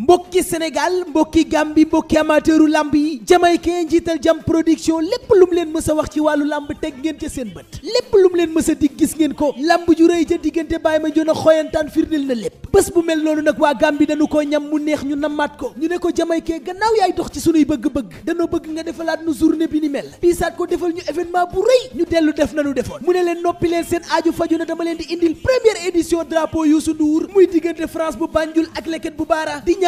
mbokki Sénégal mbokki Gambie mbokki amateuru lamb yi jamaïcain njiital jam production lépp lum leen mës a wax ci wàllu lamb teg ngeen ca seen bët lépp lum leen mës a dig gis ngeen ko lamb ju rëy ca diggante bàyyi ma jon a xooyantaan firndil lépp bés bu mel noonu nag waa Gambie dañu ko ñam mu neex ñu namaat ko ñu ne ko jamaïcain gannaaw yaay dox ci sunuy bëgg-bëgg danoo bëgg nga defalaat nu journée bi ni mel piisaat ko defal ñu événement bu rëy ñu dellu def nanu defoon mu ne leen noppi leen seen aaju faju na dama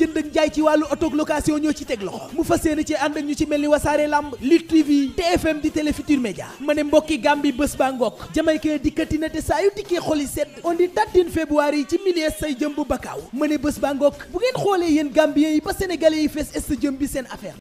jënd ak jaay ci wàllu auto location ñoo ci teg loxo mu fa yéene ci ànd ak ñu ci mel ni wasaare lamb Lutte TV fm di Télé Futurs ma ne mbokki Gambie bés ba ngokk jamaykee dikkati na te saa yu dikkee xoli sedd on di dattin février yi ci milies say jëm bu bakkaaw ma ne bés ba ngokk bu ngeen xoolee yéen Gambiens yi ba Sénégalais yi fees est jëm bi seen affaire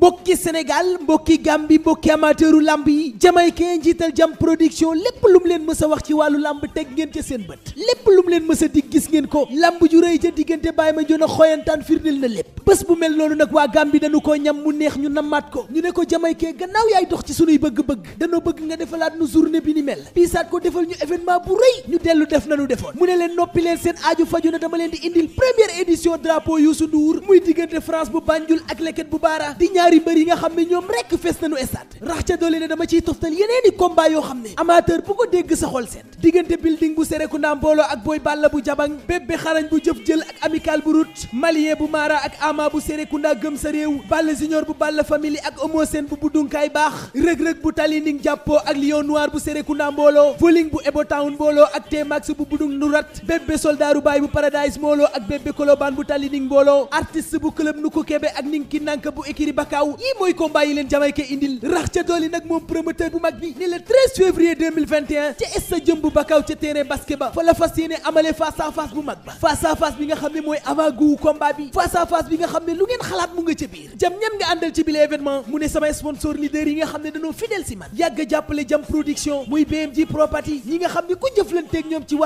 mbokki Sénégal mbokki Gambie mbokki amateuru lamb yi jamaykee njiital jam production lépp lu mu leen mës wax ci wàllu lamb teg ngeen ca seen bët lépp lu mu leen mës a gis ngeen ko lamb ju rëy ca diggante Baye Mandione xoyantaan firndil na lépp bés bu mel noonu nag waa Gambie dañu ko ñam mu neex ñu namaat ko ñu ne ko jamaykee gannaaw yaay dox ci sunuy bëgg-bëgg danoo bëgg nga defalaat nu journée bi ni mel piisaat ko defal ñu événement bu rëy ñu dellu def nanu defoon mu ne leen noppi leen seen aaju faju na dama leen di indil ñaari mbër yi nga xam ne ñoom rekk fees nañu stade rax ca doole ne dama ciy toftal yeneeni combat yoo xam ne amateur bu ko dégg sa sa réew Balla junior bu Balla family ak Omo Sène bu buddunkaay baax rëg-rëg bu tali ning jàppoo ak lion noir bu Serekunda mbooloo voling bu Ebo Town mbooloo ak T-Max bu budung nurat bébbe soldaru baay bu paradise mbooloo ak bébbe kolobaan bu tali ning mbooloo artiste bu club nu kebe ak ning ki nank bu ékiri baka gaaw mooy combat yi leen jamaykee indil rax ca dooli nag moom promoteur bu mag bi ni le février ca es sa jëmb bakaw ca terrain basket fa la fas yéene amale face à bu mag ba face à bi nga xam ne mooy avant combat bi face à bi nga xam ne lu ngeen xalaat mu nga ca biir jam ñan nga àndal ci bile événement mu ne samay sponsor leader yi nga xam ne dañoo fidèle si man yàgg jàppale jam production muy BMG property ñi nga xam ne ku jëflanteeg ñoom ci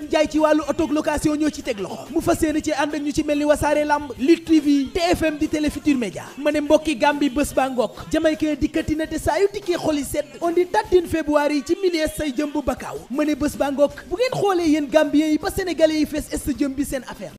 jënd ak ci wàllu auto location ñoo ci teg loxo mu fas yéene ci ànd ak ñu ci mel ni wasaare lamb lit TV fm di Télé Futurs ma ne mbokki Gambie bés ba ngokk jamaykee dikkati na te saa yu dikkee xol yi sedd on di tattin février yi ci milier say jëm bu bakkaaw ma ne bés ba ngokk bu ngeen xoolee yéen Gambien yi ba Sénégalais yi fees est jëm bi seen affaire